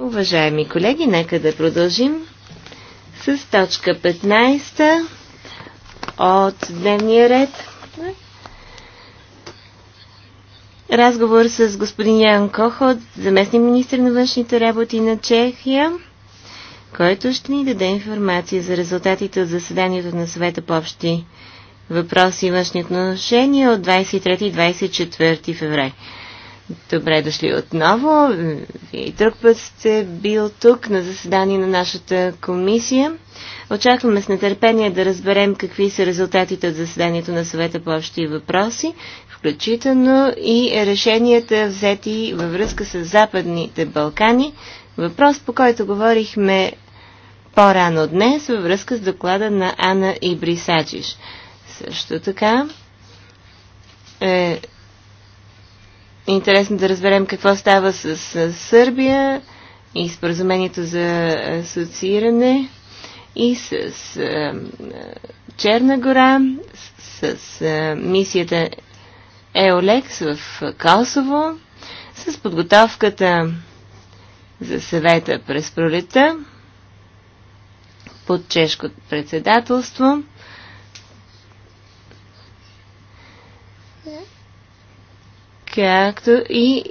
Уважаеми колеги, нека да продължим с точка 15 от дневния ред. Разговор с господин Ян Кохот, заместник министр на външните работи на Чехия който ще ни даде информация за резултатите от заседанието на съвета по общи въпроси и външни отношения от 23 и 24 февраля. Добре дошли отново. Вие и друг път сте бил тук на заседание на нашата комисия. Очакваме с нетърпение да разберем какви са резултатите от заседанието на съвета по общи въпроси, включително и решенията взети във връзка с Западните Балкани, въпрос, по който говорихме по-рано днес във връзка с доклада на Ана Брисачиш. Също така е интересно да разберем какво става с, с Сърбия и споразумението за асоцииране и с, с е, Черна гора, с, с е, мисията Еолекс в Косово, с подготовката за съвета през пролета под чешко председателство. както и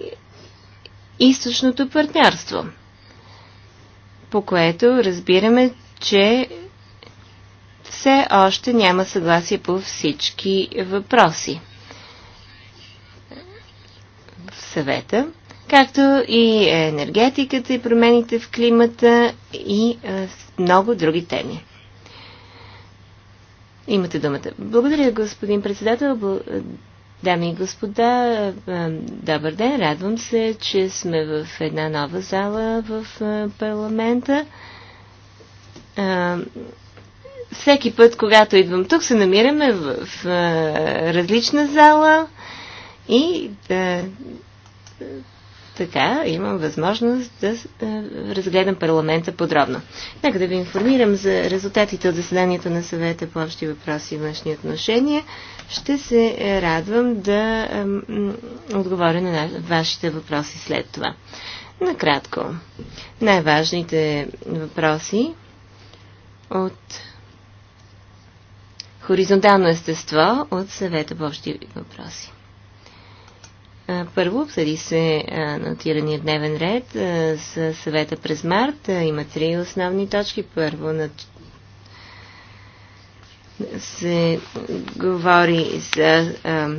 източното партньорство, по което разбираме, че все още няма съгласие по всички въпроси в съвета както и енергетиката и промените в климата и много други теми. Имате думата. Благодаря, господин председател. Дами и господа, добър ден. Радвам се, че сме в една нова зала в парламента. Всеки път, когато идвам тук, се намираме в различна зала и така имам възможност да е, разгледам парламента подробно. Нека да ви информирам за резултатите от заседанието на съвета по общи въпроси и външни отношения. Ще се е, радвам да отговоря на вашите въпроси след това. Накратко, най-важните въпроси от хоризонтално естество от съвета по общи въпроси. Първо обсъди се нотирания дневен ред с съвета през март. Има три основни точки. Първо на се говори за а,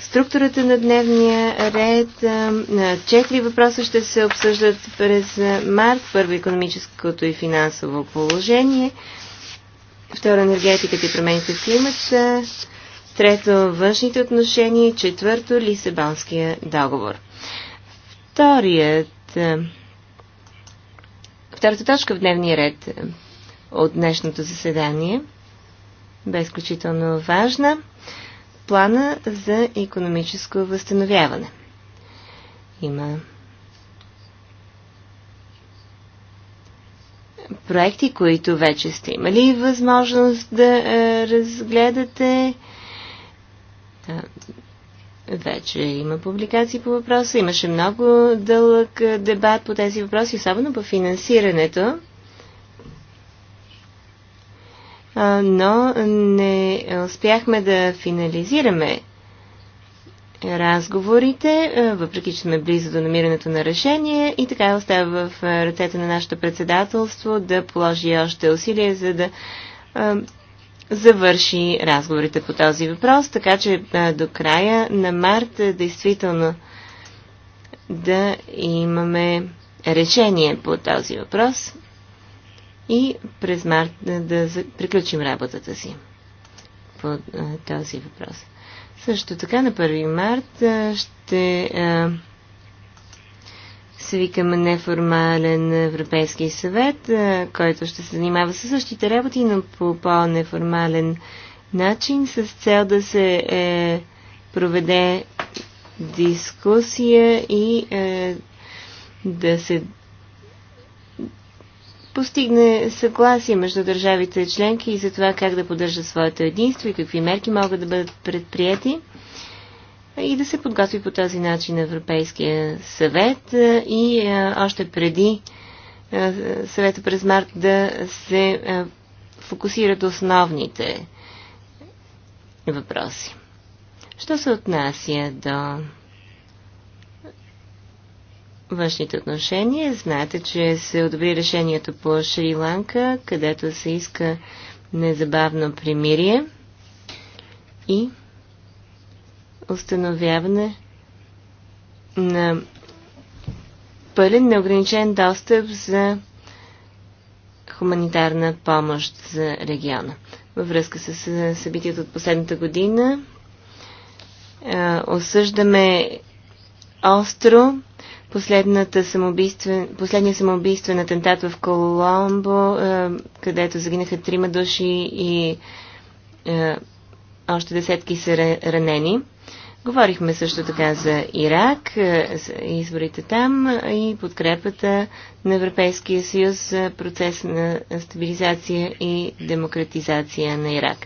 структурата на дневния ред. А, четири въпроса ще се обсъждат през март. Първо економическото и финансово положение. Второ енергетиката и промените в климата. Трето, външните отношения. Четвърто, Лисабонския договор. Вторият, е, втората точка в дневния ред от днешното заседание бе изключително важна. Плана за економическо възстановяване. Има проекти, които вече сте имали възможност да е, разгледате. Вече има публикации по въпроса. Имаше много дълъг дебат по тези въпроси, особено по финансирането. Но не успяхме да финализираме разговорите, въпреки че сме близо до намирането на решение и така остава в ръцете на нашето председателство да положи още усилия, за да завърши разговорите по този въпрос, така че до края на март действително да имаме решение по този въпрос и през март да приключим работата си по този въпрос. Също така на 1 март ще викаме неформален Европейски съвет, който ще се занимава с същите работи, но по по-неформален начин, с цел да се е, проведе дискусия и е, да се постигне съгласие между държавите членки и за това как да поддържат своето единство и какви мерки могат да бъдат предприяти и да се подготви по този начин Европейския съвет и още преди съвета през март да се фокусират основните въпроси. Що се отнася до външните отношения, знаете, че се одобри решението по Шри-Ланка, където се иска незабавно примирие и установяване на пълен неограничен достъп за хуманитарна помощ за региона. Във връзка с събитието от последната година осъждаме остро последната самоубийствен, последния самоубийствен атентат в Коломбо, където загинаха трима души и още десетки са ранени. Говорихме също така за Ирак, е, за изборите там и подкрепата на Европейския съюз за процес на стабилизация и демократизация на Ирак.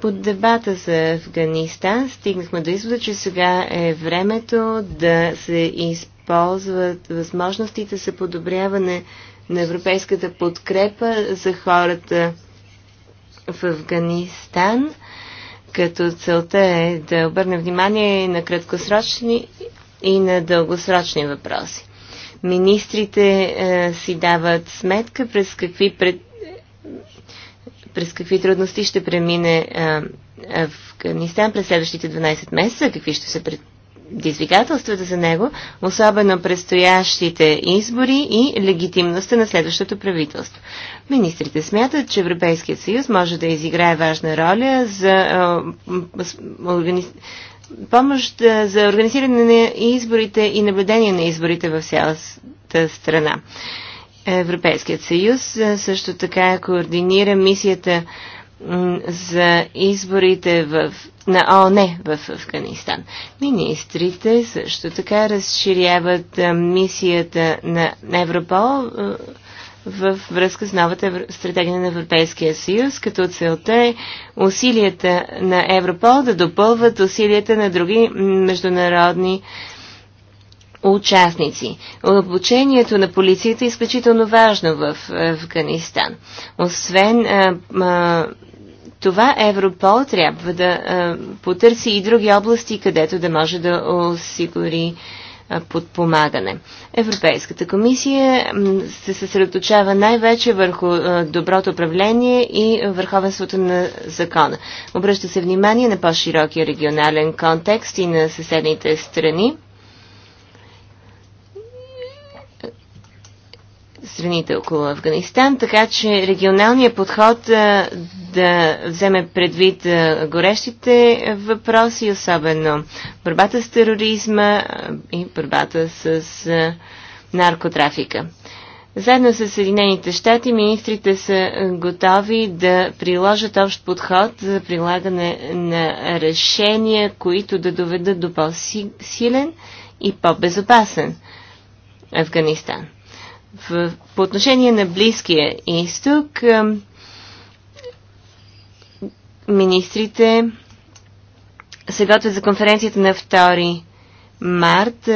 Под дебата за Афганистан стигнахме до извода, че сега е времето да се използват възможностите за подобряване на европейската подкрепа за хората в Афганистан – като целта е да обърне внимание на краткосрочни и на дългосрочни въпроси. Министрите е, си дават сметка през какви, пред, през какви трудности ще премине е, Афганистан през следващите 12 месеца, какви ще се пред, предизвикателствата за него, особено предстоящите избори и легитимността на следващото правителство. Министрите смятат, че Европейският съюз може да изиграе важна роля за помощ за организиране на изборите и наблюдение на изборите в цялата страна. Европейският съюз също така координира мисията за изборите в, на ООН в Афганистан. Министрите също така разширяват мисията на, Европол в връзка с новата стратегия на Европейския съюз, като целта е усилията на Европол да допълват усилията на други международни участници. Обучението на полицията е изключително важно в Афганистан. Освен а, а, това Европол трябва да а, потърси и други области, където да може да осигури а, подпомагане. Европейската комисия се съсредоточава най-вече върху а, доброто управление и върховенството на закона. Обръща се внимание на по-широкия регионален контекст и на съседните страни страните около Афганистан, така че регионалният подход да вземе предвид горещите въпроси, особено борбата с тероризма и борбата с наркотрафика. Заедно с Съединените щати министрите са готови да приложат общ подход за прилагане на решения, които да доведат до по-силен и по-безопасен Афганистан. В, по отношение на Близкия изток, министрите се готвят за конференцията на 2 март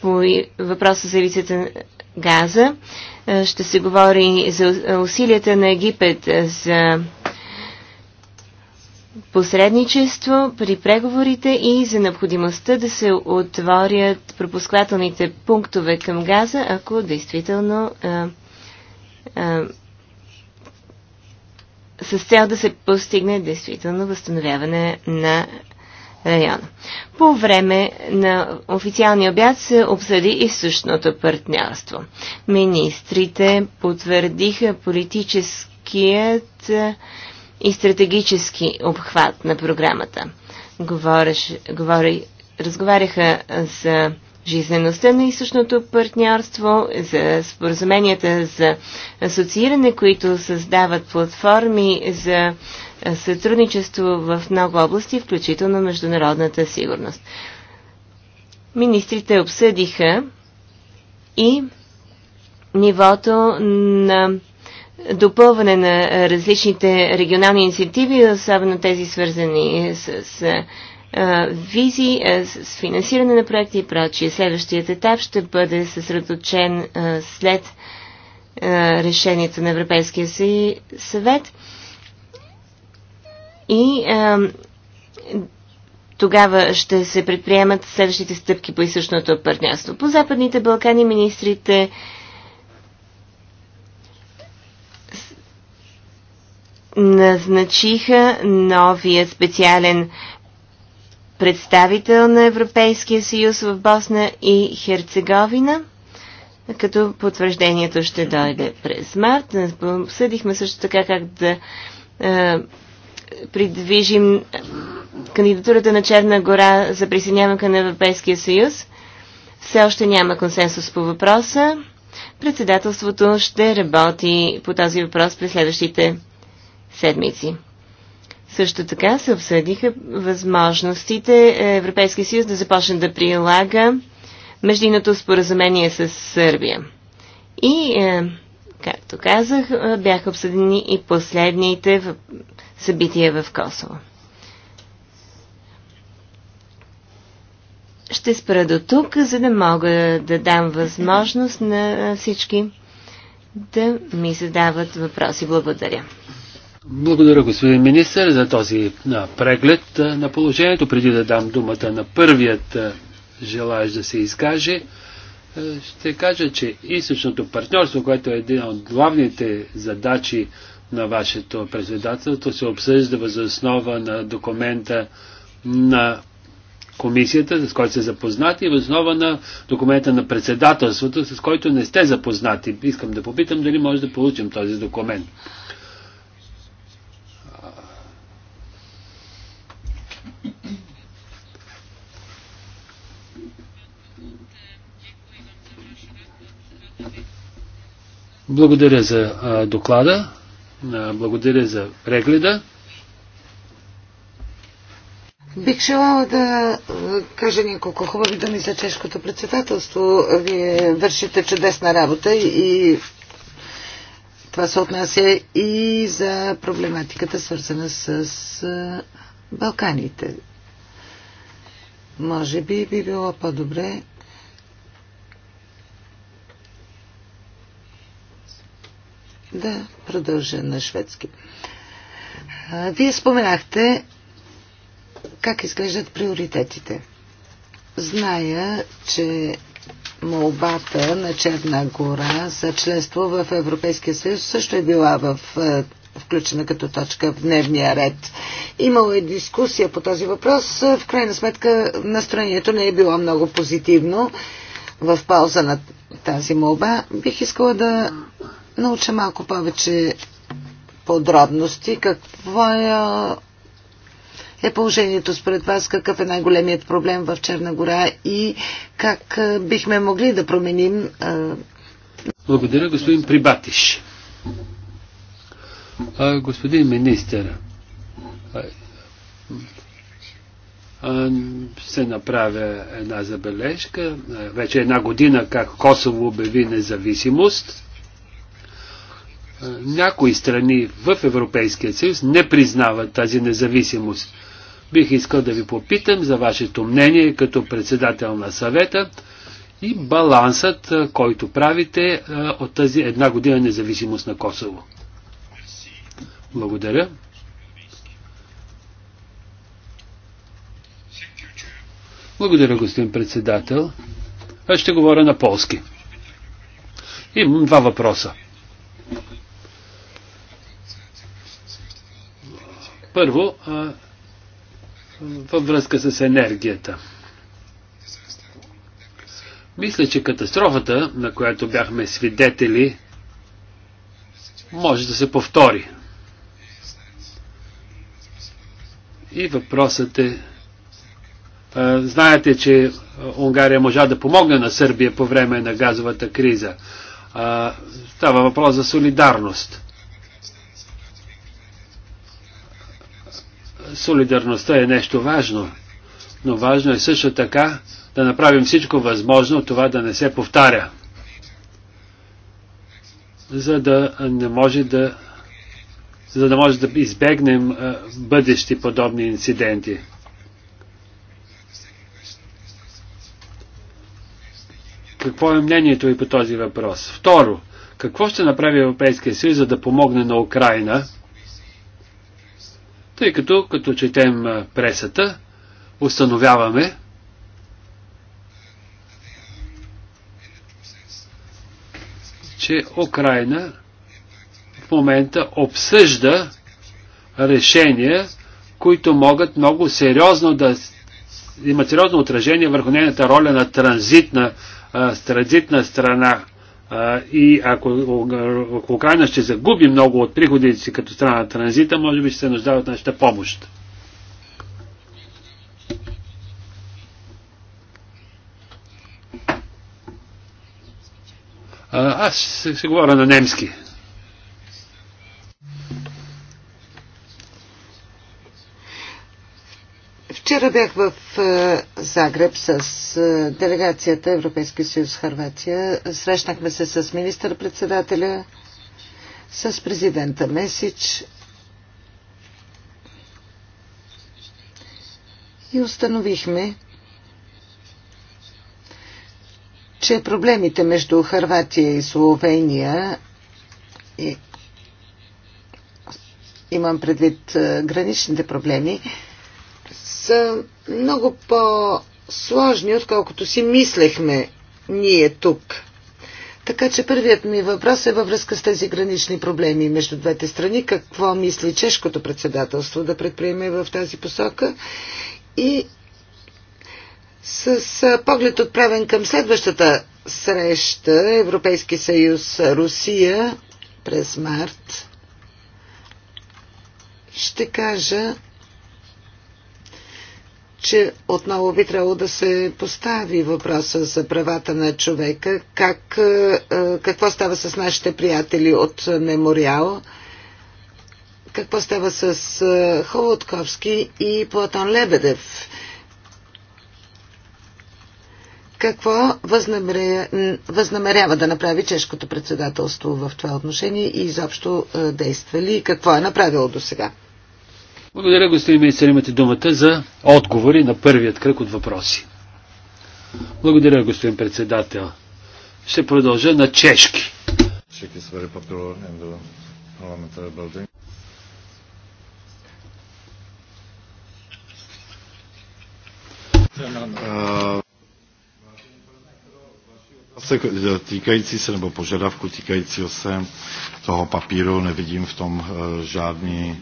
по въпроса за на Газа. Ще се говори за усилията на Египет за посредничество при преговорите и за необходимостта да се отворят пропускателните пунктове към газа, ако действително а, а, с цел да се постигне действително възстановяване на района. По време на официалния обяд се обсъди и същното партньорство. Министрите потвърдиха политическият и стратегически обхват на програмата. Говореш, говори, разговаряха за жизнеността на източното партньорство, за споразуменията за асоцииране, които създават платформи за сътрудничество в много области, включително международната сигурност. Министрите обсъдиха и нивото на допълване на различните регионални инициативи, особено тези свързани с, с визи, с финансиране на проекти и прочие. Следващият етап ще бъде съсредоточен след решението на Европейския съвет и тогава ще се предприемат следващите стъпки по източното партньорство. По Западните Балкани министрите назначиха новия специален представител на Европейския съюз в Босна и Херцеговина, като потвърждението ще дойде през март. Съдихме също така как да е, придвижим кандидатурата на Черна гора за присъединяване към Европейския съюз. Все още няма консенсус по въпроса. Председателството ще работи по този въпрос през следващите седмици. Също така се обсъдиха възможностите Европейския съюз да започне да прилага междуното споразумение с Сърбия. И, е, както казах, е, бяха обсъдени и последните събития в Косово. Ще спра до тук, за да мога да дам възможност на всички да ми задават въпроси. Благодаря. Благодаря, господин министр, за този преглед на положението. Преди да дам думата на първият желаящ да се изкаже, ще кажа, че източното партньорство, което е една от главните задачи на вашето председателство, се обсъжда въз основа на документа на комисията, с който сте запознати, и въз основа на документа на председателството, с който не сте запознати. Искам да попитам дали може да получим този документ. Благодаря за доклада, благодаря за прегледа. Бих желала да кажа няколко хубави думи за чешкото председателство. Вие вършите чудесна работа и това се отнася и за проблематиката, свързана с Балканите. Може би би било по-добре да продължа на шведски. Вие споменахте как изглеждат приоритетите. Зная, че молбата на Черна гора за членство в Европейския съюз също е била в включена като точка в дневния ред. Имало е дискусия по този въпрос. В крайна сметка настроението не е било много позитивно в полза на тази молба. Бих искала да науча малко повече подробности. Какво е, е положението според вас? Какъв е най-големият проблем в Черна гора и как бихме могли да променим? Благодаря, господин Прибатиш. господин министър, се направя една забележка. Вече една година как Косово обяви независимост някои страни в Европейския съюз не признават тази независимост. Бих искал да ви попитам за вашето мнение като председател на съвета и балансът, който правите от тази една година независимост на Косово. Благодаря. Благодаря, господин председател. Аз ще говоря на полски. Имам два въпроса. Първо, във връзка с енергията. Мисля, че катастрофата, на която бяхме свидетели, може да се повтори. И въпросът е. Знаете, че Унгария можа да помогне на Сърбия по време на газовата криза. Става въпрос за солидарност. солидарността е нещо важно, но важно е също така да направим всичко възможно това да не се повтаря, за да не може да за да може да избегнем бъдещи подобни инциденти. Какво е мнението и по този въпрос? Второ, какво ще направи Европейския съюз, за да помогне на Украина – тъй като, като четем пресата, установяваме, че Украина в момента обсъжда решения, които могат много сериозно да имат сериозно отражение върху нейната роля на транзитна, а, транзитна страна и ако, ако Украина ще загуби много от приходите си като страна на транзита, може би ще се нуждае от нашата помощ. аз се говоря на немски. Вчера бях в е, Загреб с е, делегацията Европейски съюз Харватия. Срещнахме се с министър-председателя, с президента Месич и установихме, че проблемите между Харватия и Словения и, имам предвид е, граничните проблеми, са много по-сложни, отколкото си мислехме ние тук. Така че първият ми въпрос е във връзка с тези гранични проблеми между двете страни. Какво мисли чешкото председателство да предприеме в тази посока? И с поглед отправен към следващата среща Европейски съюз Русия през март, ще кажа, че отново би трябвало да се постави въпроса за правата на човека, как, е, е, какво става с нашите приятели от Мемориал, какво става с е, Холодковски и Платон Лебедев. Какво възнамеря, възнамерява да направи чешкото председателство в това отношение и изобщо действа ли и какво е направило до сега? Благодаря, господин министър. Имате думата за отговори на първият кръг от въпроси. Благодаря, господин председател. Ще продължа на чешки. týkající se nebo požadavku týkajícího se toho papíru nevidím v tom žádný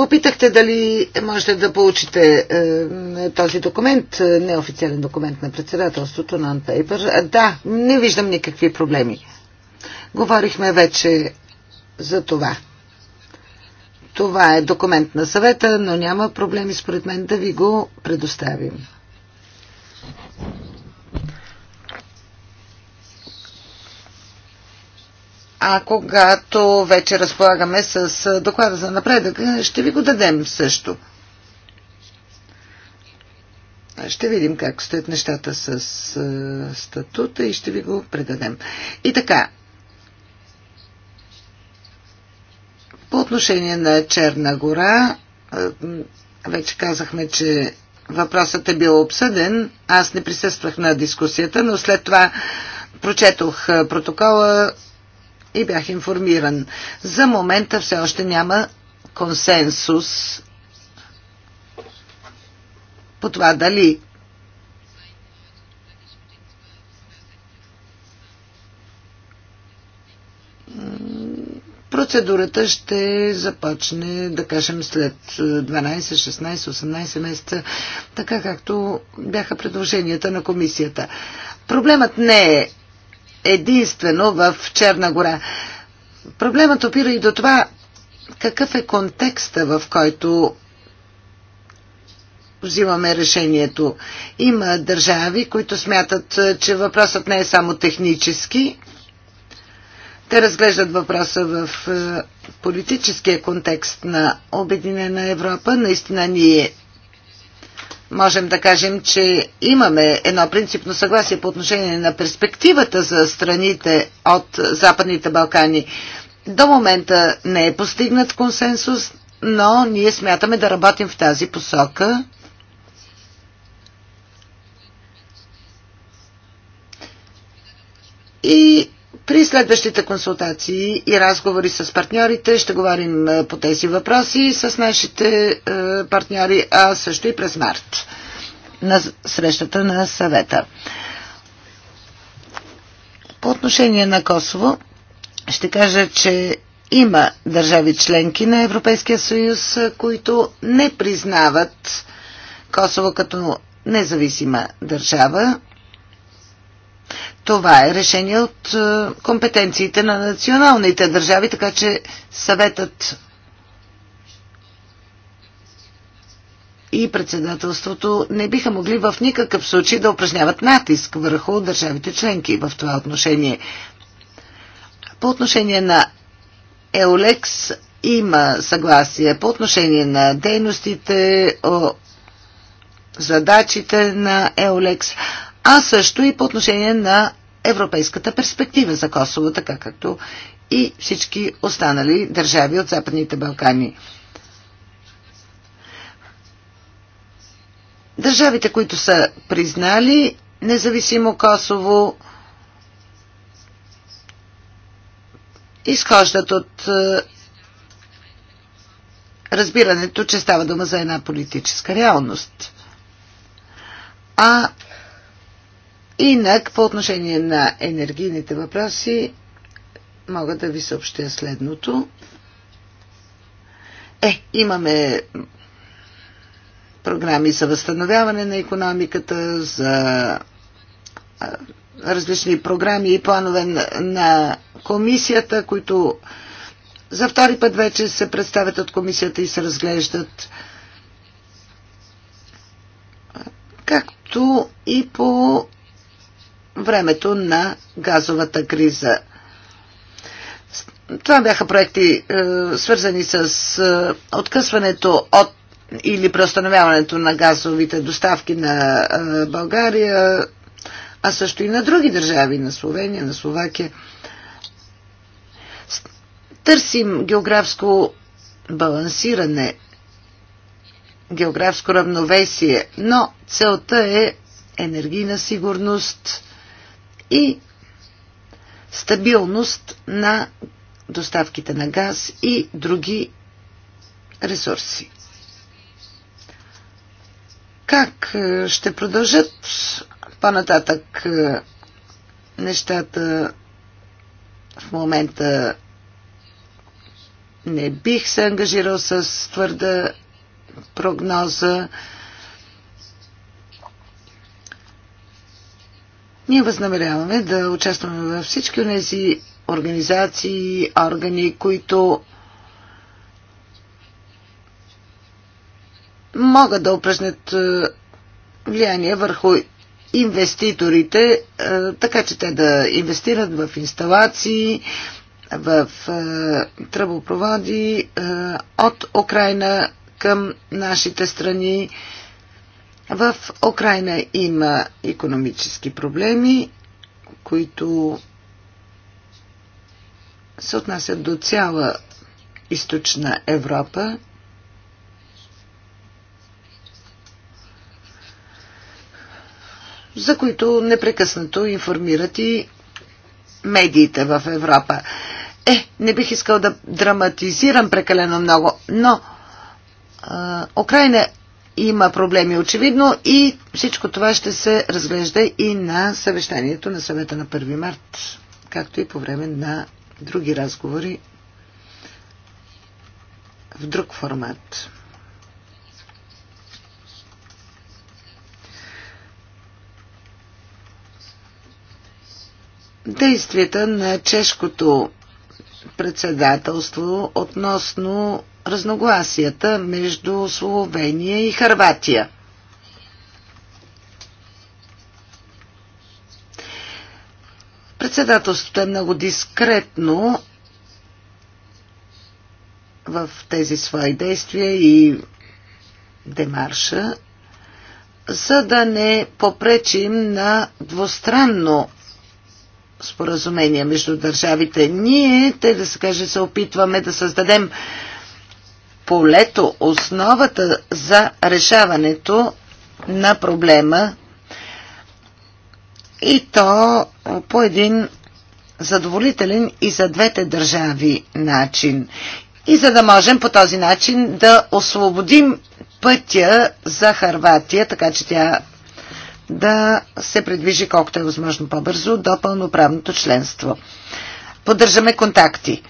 Попитахте дали можете да получите е, този документ, е, неофициален документ на председателството на Antpaper. Е, да, не виждам никакви проблеми. Говорихме вече за това. Това е документ на съвета, но няма проблеми според мен да ви го предоставим. А когато вече разполагаме с доклада за напредък, ще ви го дадем също. Ще видим как стоят нещата с е, статута и ще ви го предадем. И така, по отношение на Черна гора, е, вече казахме, че въпросът е бил обсъден. Аз не присъствах на дискусията, но след това прочетох е, протокола и бях информиран. За момента все още няма консенсус по това дали процедурата ще започне, да кажем, след 12, 16, 18 месеца, така както бяха предложенията на комисията. Проблемът не е единствено в Черна гора. Проблемът опира и до това какъв е контекста, в който взимаме решението. Има държави, които смятат, че въпросът не е само технически. Те разглеждат въпроса в е, политическия контекст на Обединена Европа. Наистина ние можем да кажем, че имаме едно принципно съгласие по отношение на перспективата за страните от Западните Балкани. До момента не е постигнат консенсус, но ние смятаме да работим в тази посока. И при следващите консултации и разговори с партньорите ще говорим е, по тези въпроси с нашите е, партньори, а също и през март на срещата на съвета. По отношение на Косово, ще кажа, че има държави членки на Европейския съюз, е, които не признават Косово като независима държава. Това е решение от е, компетенциите на националните държави, така че съветът и председателството не биха могли в никакъв случай да упражняват натиск върху държавите членки в това отношение. По отношение на Еолекс има съгласие. По отношение на дейностите, задачите на Еолекс, а също и по отношение на европейската перспектива за Косово, така както и всички останали държави от Западните Балкани. Държавите, които са признали независимо Косово, изхождат от е, разбирането, че става дума за една политическа реалност. А Инак, по отношение на енергийните въпроси, мога да ви съобщя следното. Е, имаме програми за възстановяване на економиката, за различни програми и планове на комисията, които за втори път вече се представят от комисията и се разглеждат както и по времето на газовата криза. Това бяха проекти е, свързани с е, откъсването от или преустановяването на газовите доставки на е, България, а също и на други държави, на Словения, на Словакия. Търсим географско балансиране, географско равновесие, но целта е енергийна сигурност, и стабилност на доставките на газ и други ресурси. Как е, ще продължат по-нататък е, нещата в момента не бих се ангажирал с твърда прогноза. Ние възнамеряваме да участваме във всички от тези организации, органи, които могат да упражнят е, влияние върху инвеститорите, е, така че те да инвестират в инсталации, в е, тръбопроводи от Украина към нашите страни в Украина има економически проблеми, които се отнасят до цяла източна Европа. за които непрекъснато информират и медиите в Европа. Е, не бих искал да драматизирам прекалено много, но а, Украина има проблеми очевидно и всичко това ще се разглежда и на съвещанието на съвета на 1 март, както и по време на други разговори в друг формат. Действията на чешкото председателство относно разногласията между Словения и Харватия. Председателството е много дискретно в тези свои действия и демарша, за да не попречим на двустранно споразумение между държавите. Ние, те да се каже, се опитваме да създадем полето, основата за решаването на проблема и то по един задоволителен и за двете държави начин. И за да можем по този начин да освободим пътя за Харватия, така че тя да се придвижи колкото е възможно по-бързо до пълноправното членство. Поддържаме контакти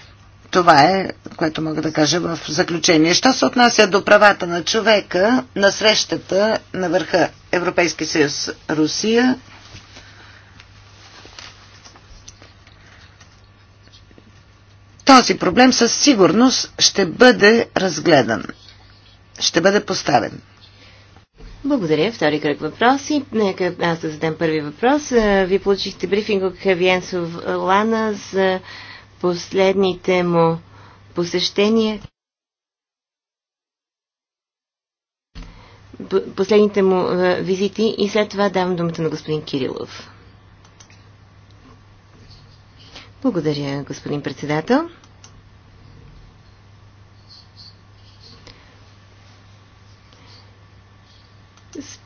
това е, което мога да кажа в заключение. Що се отнася до правата на човека на срещата на върха Европейски съюз Русия, този проблем със сигурност ще бъде разгледан. Ще бъде поставен. Благодаря. Втори кръг въпроси. Нека аз да задам първи въпрос. Е, Вие получихте брифинг от Хавиенсов Лана за последните му посещения, последните му визити и след това давам думата на господин Кирилов. Благодаря, господин председател.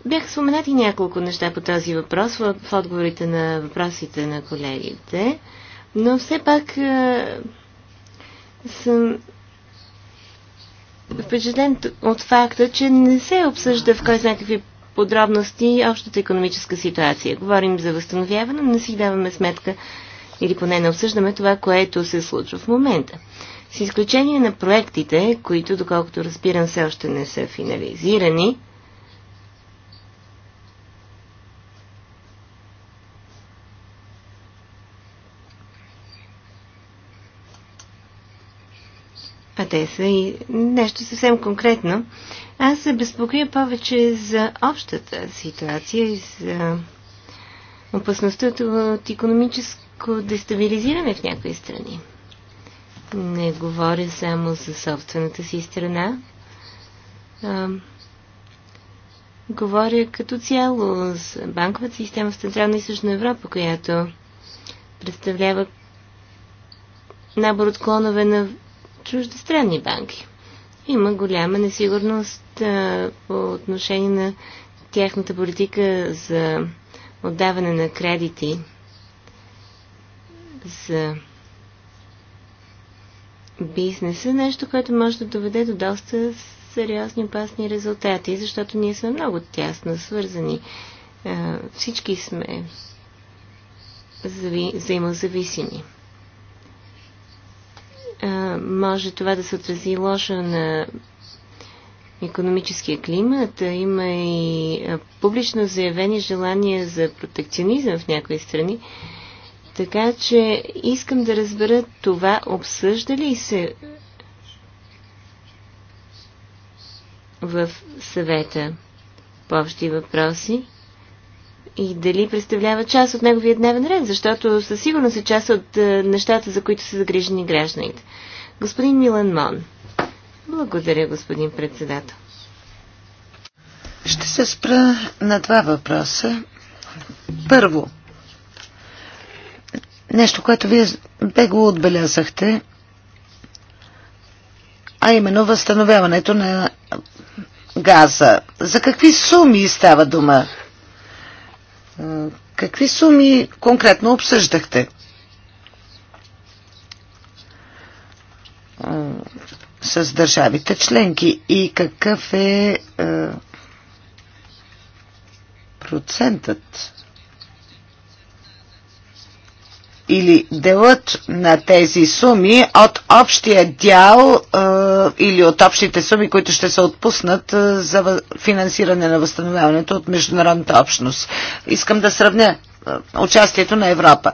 Бях споменати няколко неща по този въпрос в отговорите на въпросите на колегите. Но все пак е, съм впечатлен от факта, че не се обсъжда в кой знае какви подробности общата економическа ситуация. Говорим за възстановяване, но не си даваме сметка или поне не обсъждаме това, което се случва в момента. С изключение на проектите, които, доколкото разбирам, все още не са финализирани, пътеса и нещо съвсем конкретно. Аз се безпокоя повече за общата ситуация и за опасността от економическо дестабилизиране в някои страни. Не говоря само за собствената си страна. А, говоря като цяло за банковата система в Централна и Източна Европа, която представлява набор от клонове на чуждестранни банки. Има голяма несигурност а, по отношение на тяхната политика за отдаване на кредити за бизнеса, е нещо, което може да доведе до доста сериозни опасни резултати, защото ние сме много тясно свързани. А, всички сме взаимозависими може това да се отрази лошо на економическия климат. Има и публично заявени желания за протекционизъм в някои страни. Така че искам да разбера това обсъжда ли се в съвета по общи въпроси и дали представлява част от неговия дневен ред, защото със сигурност е част от е, нещата, за които са загрижени гражданите. Господин Милан Мон. Благодаря, господин председател. Ще се спра на два въпроса. Първо, нещо, което вие бе го отбелязахте, а именно възстановяването на газа. За какви суми става дума? Какви суми конкретно обсъждахте? С държавите членки и какъв е процентът или делът на тези суми от общия дял или от общите суми, които ще се отпуснат за финансиране на възстановяването от международната общност. Искам да сравня участието на Европа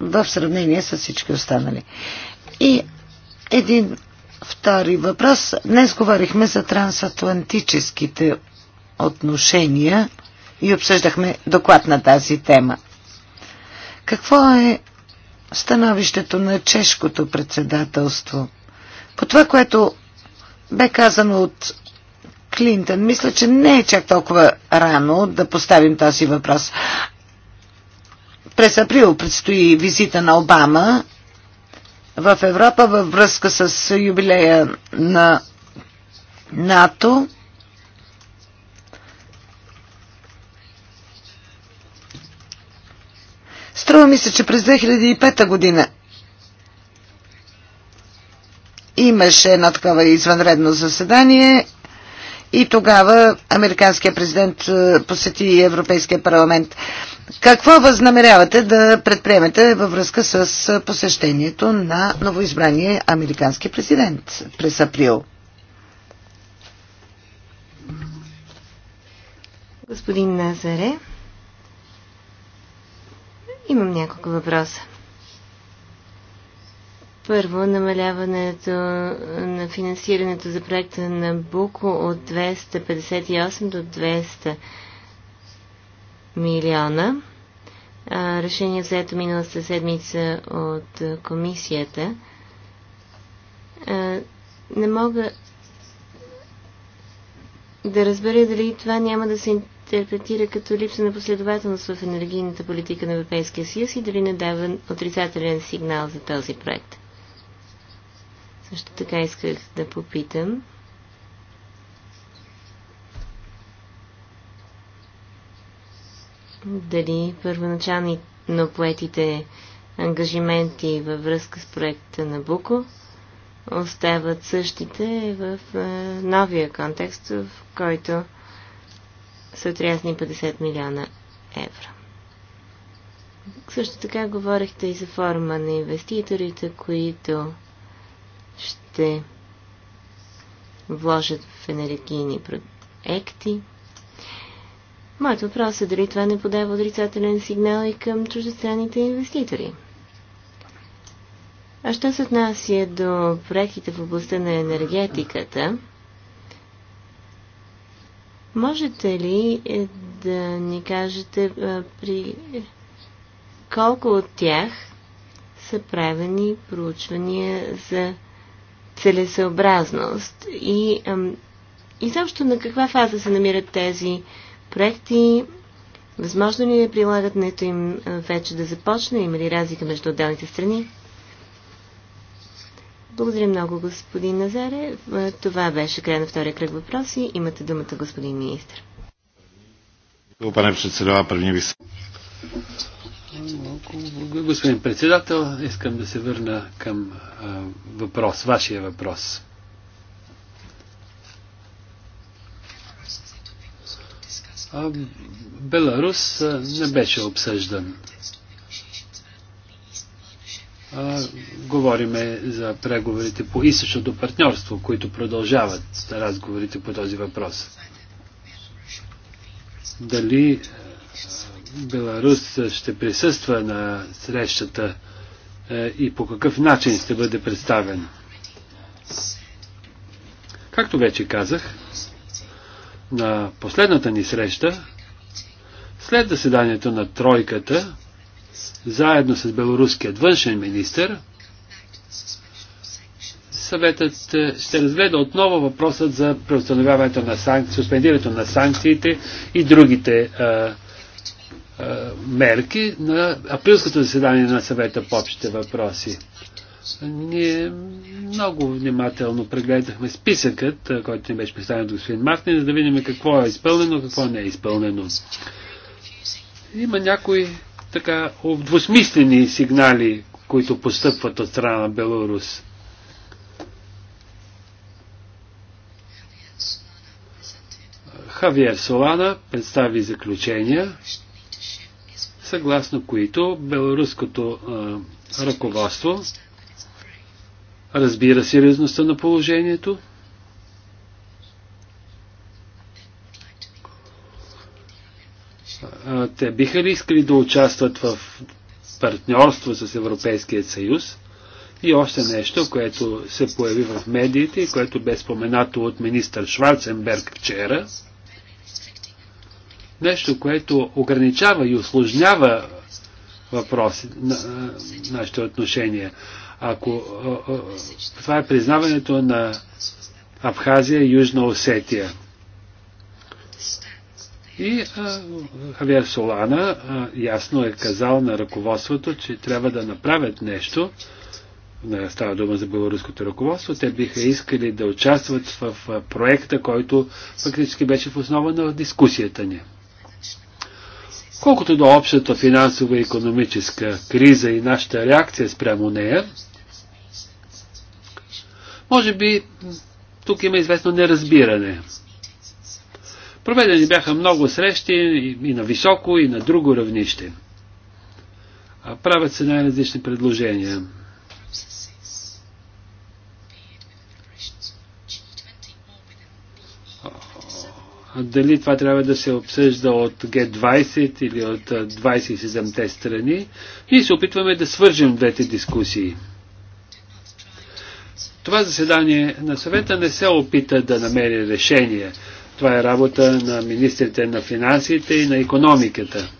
в сравнение с всички останали. И един втори въпрос. Днес говорихме за трансатлантическите отношения и обсъждахме доклад на тази тема. Какво е становището на чешкото председателство? По това, което бе казано от Клинтън, мисля, че не е чак толкова рано да поставим този въпрос. През април предстои визита на Обама в Европа във връзка с юбилея на НАТО. Струва ми се, че през 2005 година имаше едно такова извънредно заседание и тогава американският президент е, посети Европейския парламент. Какво възнамерявате да предприемете във връзка с е, посещението на новоизбрания американски президент през април? Господин Назаре. Имам няколко въпроса. Първо, намаляването на финансирането за проекта на Буко от 258 до 200 милиона. Решение взето миналата седмица от комисията. Не мога да разбера дали това няма да се интерпретира като липса на последователност в енергийната политика на Европейския съюз и дали не дава отрицателен сигнал за този проект. Също така исках да попитам. Дали първоначални на поетите ангажименти във връзка с проекта на Буко остават същите в е, новия контекст, в който са отрязани 50 милиона евро. Също така говорихте и за форма на инвеститорите, които ще вложат в енергийни проекти. Моят въпрос е дали това не подава отрицателен сигнал и към чуждестранните инвеститори. А що се отнася до проектите в областта на енергетиката, Можете ли е, да ни кажете е, при колко от тях са правени проучвания за целесъобразност и изобщо на каква фаза се намират тези проекти? Възможно ли е прилагането им е, вече да започне? Има ли разлика между отделните страни? Благодаря много, господин Назаре. Е, това беше край на втория кръг въпроси. Имате думата, господин министр. Господин председател, искам да се върна към въпрос, вашия въпрос. Беларус не беше обсъждан говориме за преговорите по източното партньорство, които продължават разговорите по този въпрос. Дали Беларус ще присъства на срещата и по какъв начин ще бъде представен? Както вече казах, на последната ни среща, след заседанието на тройката, заедно с белоруският външен министр, съветът е, ще разгледа отново въпросът за преустановяването на санкции, суспендирането на санкциите и другите а, е, а, е, мерки на априлското заседание на съвета по общите въпроси. Ние много внимателно прегледахме списъкът, който ни беше представен от господин Мартин, за да видим какво е изпълнено, какво не е изпълнено. Има някои така двусмислени сигнали, които постъпват от страна на Беларус. Хавиер Солана представи заключения, съгласно които беларуското а, ръководство разбира сериозността на положението Те биха ли искали да участват в партньорство с Европейския съюз? И още нещо, което се появи в медиите и което бе споменато от министър Шварценберг вчера. Нещо, което ограничава и осложнява въпроси, на, на, нашите отношения. Ако а, а, това е признаването на Абхазия и Южна Осетия. И а, Хавиер Солана а, ясно е казал на ръководството, че трябва да направят нещо. Не става дума за българското ръководство. Те биха искали да участват в а, проекта, който фактически беше в основа на дискусията ни. Колкото до общата финансова и економическа криза и нашата реакция спрямо нея, може би тук има известно неразбиране. Проведени бяха много срещи и на високо, и на друго равнище. Правят се най-различни предложения. дали това трябва да се обсъжда от Г20 или от 27-те страни. Ние се опитваме да свържем двете дискусии. Това заседание на съвета не се опита да намери решение. Това е работа на министрите на финансите и на економиката.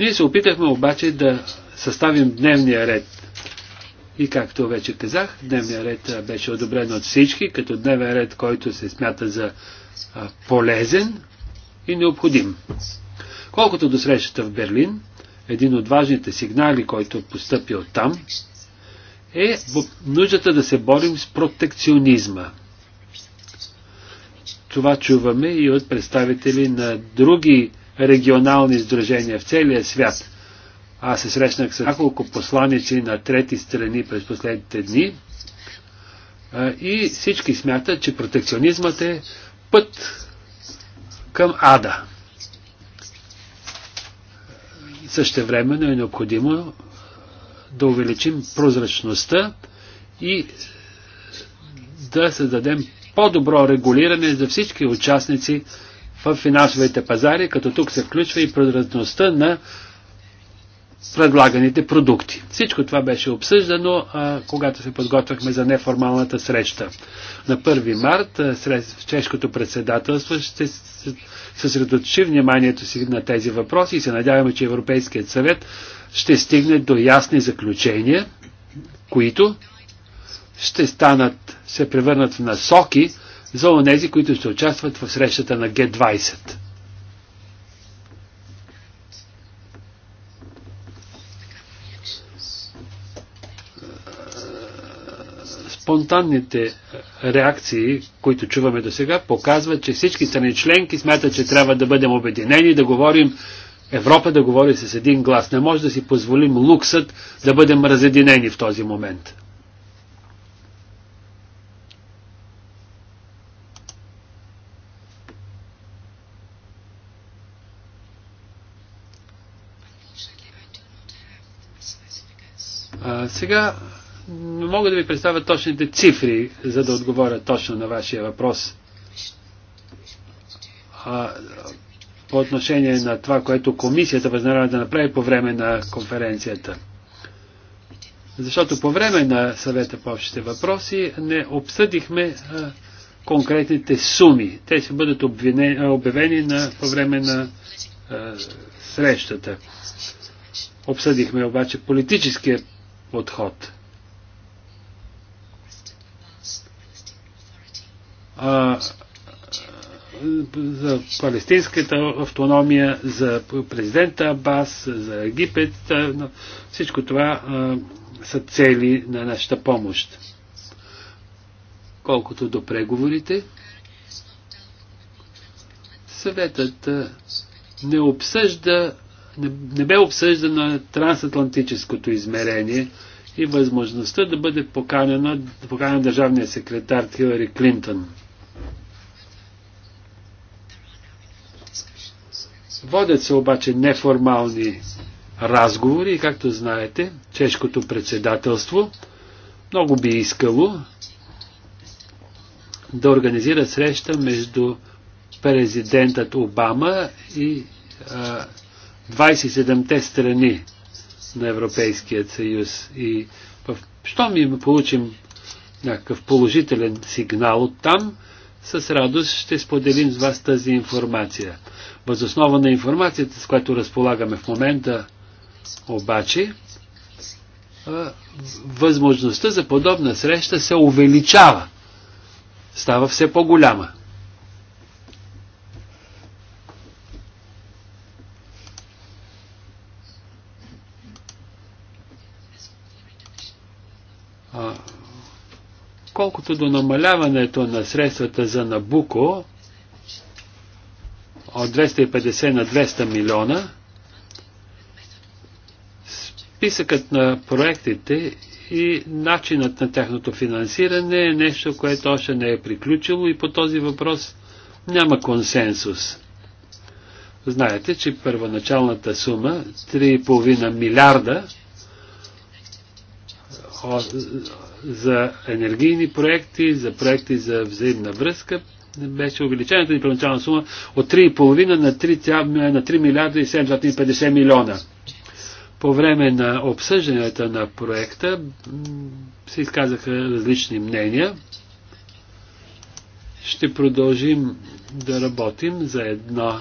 Ние се опитахме обаче да съставим дневния ред. И както вече казах, дневния ред беше одобрен от всички, като дневен ред, който се смята за полезен и необходим. Колкото до срещата в Берлин, един от важните сигнали, който е постъпи от там, е нуждата да се борим с протекционизма. Това чуваме и от представители на други регионални сдружения в целия свят. Аз се срещнах с няколко посланици на трети страни през последните дни и всички смятат, че протекционизмът е път към ада. времено е необходимо да увеличим прозрачността и да създадем по-добро регулиране за всички участници в финансовите пазари, като тук се включва и прозрачността на предлаганите продукти. Всичко това беше обсъждано, а, когато се подготвяхме за неформалната среща. На 1 март а, сред, чешкото председателство ще съсредоточи вниманието си на тези въпроси и се надяваме, че Европейският съвет ще стигне до ясни заключения, които ще станат, се превърнат в насоки за онези, които ще участват в срещата на Г-20. спонтанните реакции, които чуваме до сега, показват, че всички страни членки смятат, че трябва да бъдем обединени, да говорим, Европа да говори с един глас. Не може да си позволим луксът да бъдем разединени в този момент. Сега не мога да ви представя точните цифри, за да отговоря точно на вашия въпрос. А, по отношение на това, което комисията възнамерява да направи по време на конференцията. Защото по време на съвета по общите въпроси не обсъдихме конкретните суми. Те ще бъдат обвинени, обявени на, по време на а, срещата. Обсъдихме обаче политическия подход. А, за палестинската автономия, за президента Абас, за Египет, всичко това а, са цели на нашата помощ. Колкото до преговорите, съветът не обсъжда не, не бе обсъждано трансатлантическото измерение и възможността да бъде поканена, поканен държавния секретар Хилари Клинтон. Водят се обаче неформални разговори и както знаете, чешкото председателство много би искало да организира среща между президентът Обама и а, 27-те страни на Европейският съюз. И в, щом ми получим някакъв положителен сигнал от там, с радост ще споделим с вас тази информация. Възоснова на информацията, с която разполагаме в момента, обаче, възможността за подобна среща се увеличава. Става все по-голяма. Колкото до намаляването на средствата за Набуко от 250 на 200 милиона, списъкът на проектите и начинът на тяхното финансиране е нещо, което още не е приключило и по този въпрос няма консенсус. Знаете, че първоначалната сума 3,5 милиарда за енергийни проекти, за проекти за взаимна връзка, беше увеличението ни първоначална сума от 3,5 на 3, на 3 милиарда и 750 милиона. По време на обсъжданията на проекта се изказаха различни мнения. Ще продължим да работим за едно.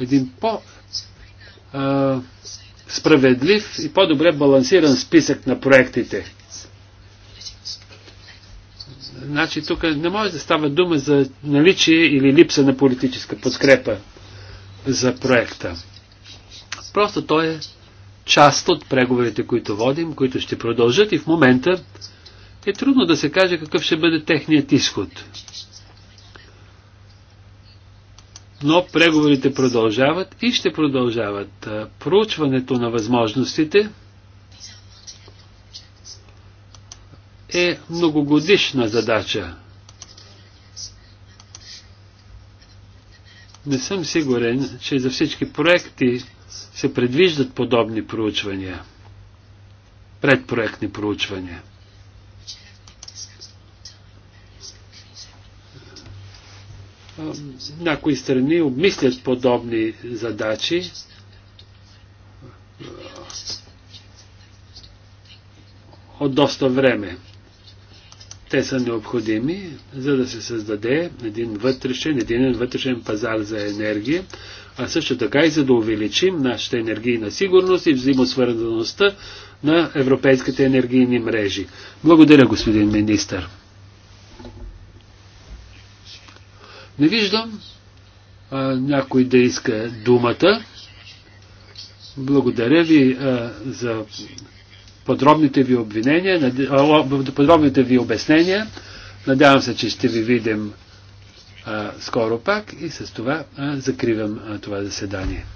един по справедлив и по-добре балансиран списък на проектите. Значи тук не може да става дума за наличие или липса на политическа подкрепа за проекта. Просто той е част от преговорите, които водим, които ще продължат и в момента е трудно да се каже какъв ще бъде техният изход но преговорите продължават и ще продължават. Проучването на възможностите е многогодишна задача. Не съм сигурен, че за всички проекти се предвиждат подобни проучвания, предпроектни проучвания. Някои страни обмислят подобни задачи. От доста време. Те са необходими, за да се създаде един вътрешен, един вътрешен пазар за енергия, а също така и за да увеличим нашата енергийна сигурност и взаимосвързаността на европейските енергийни мрежи. Благодаря, господин министър. Не виждам а, някой да иска думата. Благодаря ви а, за подробните ви обвинения, над... а, подробните ви обяснения. Надявам се, че ще ви видим а, скоро пак и с това а, закривам а, това заседание.